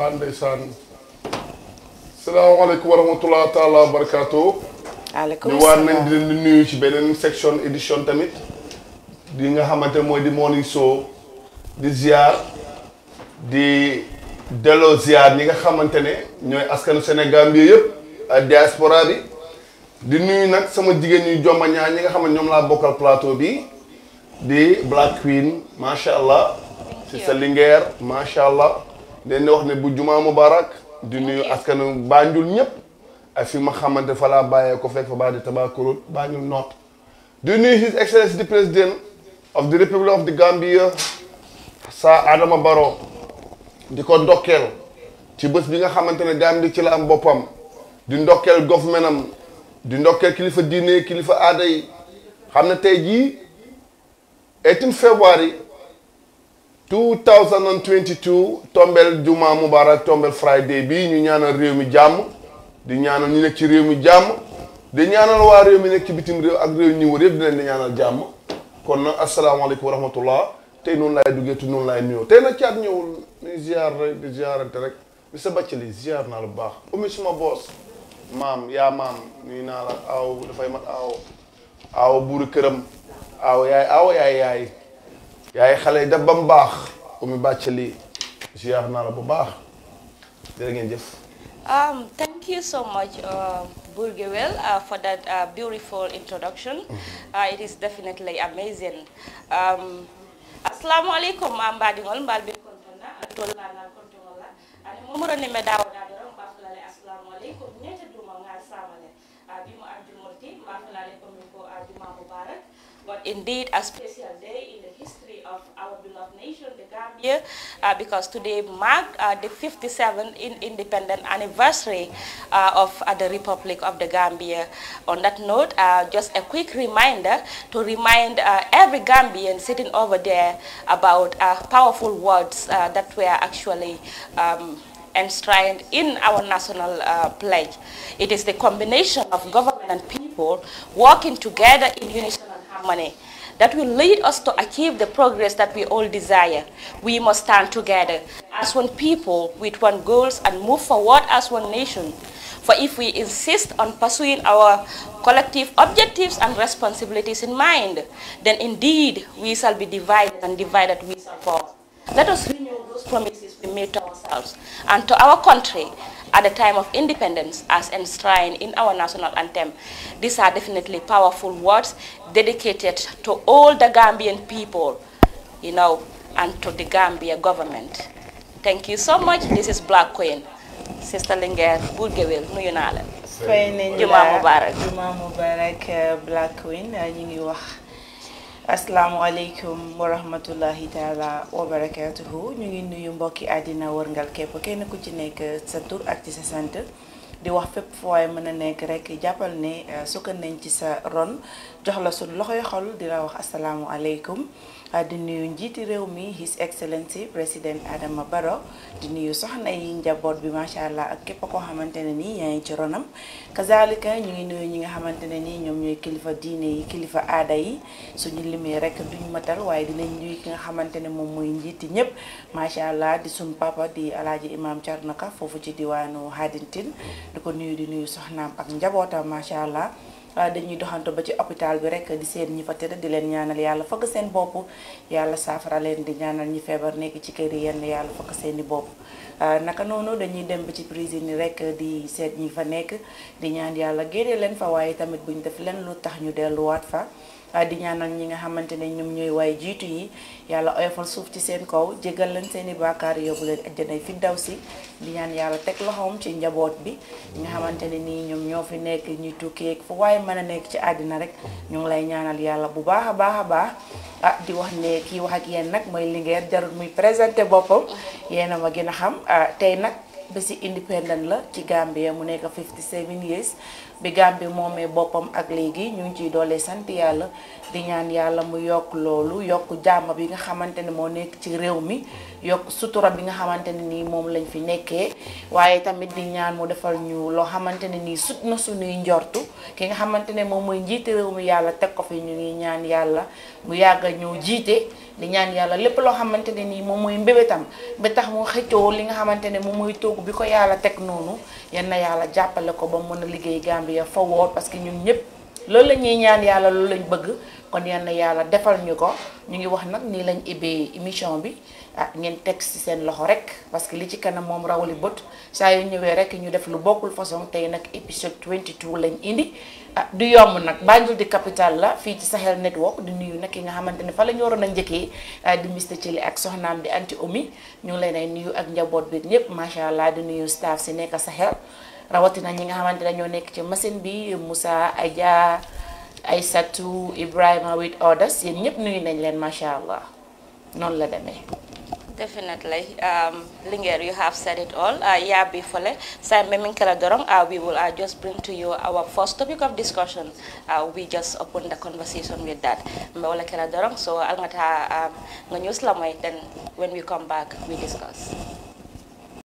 ah ndeysaan salaamaaleykum wa rahmatulah taala wa barakaatu. waaleykum salaam nañ di leen nuyu ci beneen section édition tamit. di nga xamante mooy di morning show di ziar di delloo ziar ñi nga xamante ne ñooy askan Sénégal bi yëpp ak diaspora bi di nuyu nag sama jigéen ñuy jomba ñaar ñi nga xam ñoom laa bokkal plateau bi di Black Queen macha allah. ci sa lingeer macha allah. dañ wax ne bu jumaa mubarak di nuyu askanu Banjul ñëpp ak fi ma xamante fa laa bàyyee ko fekk fa baa di Tabakuroot Banjul North di nuyu his excellency the president of the republic of the Gambia sa Adama Barrow di ko ndokkeel ci bës bi nga xamante ne Gambie ci la am boppam di ndokkeel government am di ndokkeel kilifa diine kilifa aada yi xam ne tey jii 18 février 2022 tombel juma mubarak tombel friday bi ñu ñaanal réew mi jàmm di ñaanal ñu nekk ci réew mi jàmm di ñaanal waa réew mi nekk bitim réew ak réew ñi wër yëpp di di ñaanal jàmm kon na asalaamaaleykum wa rahmatullah tey noonu laay duggee te noonu laay nuyoo tey nag caat ñëwul ñu ziar rek di ziarante rek monsieur Bathily ziar naa la bu baax omi suma boos maam yaa maam nuyu naa la aaw dafay mat aaw aaw këram aaw yaay aaw yaay yaay yaay xale ziar la bu Um, thank you so much, uh, Burgewell, uh, for that uh, beautiful introduction. Mm-hmm. Uh, it is definitely amazing. Um, Assalamu alaikum, I'm Kontona, Kontona, indeed a special day in the history of our beloved nation, the Gambia, uh, because today marked uh, the 57th in independent anniversary uh, of uh, the Republic of the Gambia. On that note, uh, just a quick reminder to remind uh, every Gambian sitting over there about powerful words that were actually um, enshrined in our national uh, pledge. It is the combination of government and people working together in unison harmony that will lead us to achieve the progress that we all desire. We must stand together as one people with one goals and move forward as one nation. For if we insist on pursuing our collective objectives and responsibilities in mind, then indeed we shall be divided and divided we shall fall. Let us renew those promises we made to ourselves and to our country at the time of independence as enshrined in our national anthem. These are definitely powerful words dedicated to all the Gambian people, you know, and to the Gambia government. Thank you so much. This is Black Queen. Sister Linger, Burgewil, Nuyunale. Juma Mubarak. Juma Mubarak, Black Queen, asalaamaaleykum wa rahmatullahi taala wa barakatuhu ñu ngi nuyu mbokki àddina wërngal képp kenn ku ci nekk sa tur ak ci sa sant di wax fépp fooy mën a nekk rek jàppal ne eh, sukkan nañ ci sa ron jox la suñ loxoy xol di la wax asalaamualeykum ah, di nuyu njiiti réew mi His Excellency président Adama Barrow di nuyu soxna yi njaboot bi macha allah ak képp koo xamante ne nii yaa ngi ci ronam ñi nga xamante ne nii ñoom ñooy kilifa diine yi kilifa aada yi suñu limee rek duñ matal waaye dinañ ki nga xamante ne moom mooy njiiti ñëpp macha allah di suñ papa di alaaji imam Thierno Ka foofu ci diwaanu Hadintine di ko nuyu di nuyu soxnaam ak njabootam macha allah. Ah, dañuy doxantu ba ci hôpital bi rek di seen ñi fa tëdd di leen ñaanal yàlla fëgg seen bopp yàlla saafara leen di ñaanal ñi feebar nekk ci kër yi yàlla fëgg seen i bopp ah, naka noonu dañuy dem ba ci prison yi rek di seet ñi fa nekk di ñaan yàlla génne leen fa waaye tamit bu ñu def leen lu tax ñu delluwaat fa Ah, di ñaanal ñi nga xamante ne ñoom ñooy waaye jiitu yi yàlla oyofal suuf ci seen kaw jégal leen seen baakaar yóbbu leen ajjanay fi daw si di ñaan yàlla teg loxoom ci njaboot bi ñi nga xamante ne nii ñoom ñoo fi nekk ñuy tukkee fu waaye mën a nekk ci àddina rek ñu ngi lay ñaanal yàlla bu baax a baax a baax ah, di wax ne kii wax ak yéen nag mooy Linguère jarul muy présenté boppam yéen a ma gën a xam ah, tey nag bési indépendant la ci Gambie mu nekk 57 years bi Gàmbi momé bopam ak légui ñu ngi ciy doole sant yalla di ñaan yalla mu yok lolu yok jamm bi nga xamanteni mo nekk ci réew mi sutura bi nga xamanteni ni mom lañ fi nekké wayé tamit di ñaan mu defal ñu lo xamanteni ni sutna suñu na ki nga xamanteni mom moy njité njiite réew mi ko fi ñu ngi ñaan yalla mu yagga ñu jité di ñaan yalla lepp lo xamanteni ni mom moy mbébétam ba tax mo xëccoo li nga xamanteni mom moy togg bi ko ko ba mëna liggéey Gambia forward parce que ñun ñëpp loolu la ñuy ñaan yàlla loolu lañ bëgg kon yal na yàlla defal ñu ko ñu ngi wax nag nii lañ ubbee émission bi ah ngeen teg si seen loxo rek parce que li ci kanam moom rawali bët saa yu ñëwee rek ñu def lu bokkul façon tey nag épisode 22 lañ indi ah du yomb nag Banjul di capital la fii ci Sahel Network di nuyu nag ki nga xamante ne fa la ñu waroon a njëkkee ah, di Mr Thily ak soxnaam di anti omi ñu ngi leen ay nuyu ak njaboot bi ñëpp macha allah di nuyu staff si nekk Sahel. rawatina ñi nga xamante ne ñoo nekk ci machine bi Moussa Adja Aysatu Ibrahima with orders yéen ñëpp nuyu nañ leen macha allah la demee. Definitely. Um, Linger, you have said it all. Uh, yeah, before so Simon Minkaladorong, uh, we will uh, just bring to you our first topic of discussion. Uh, we just open the conversation with that. Mbola Kaladorong, so I'll not have news then when we come back, we discuss.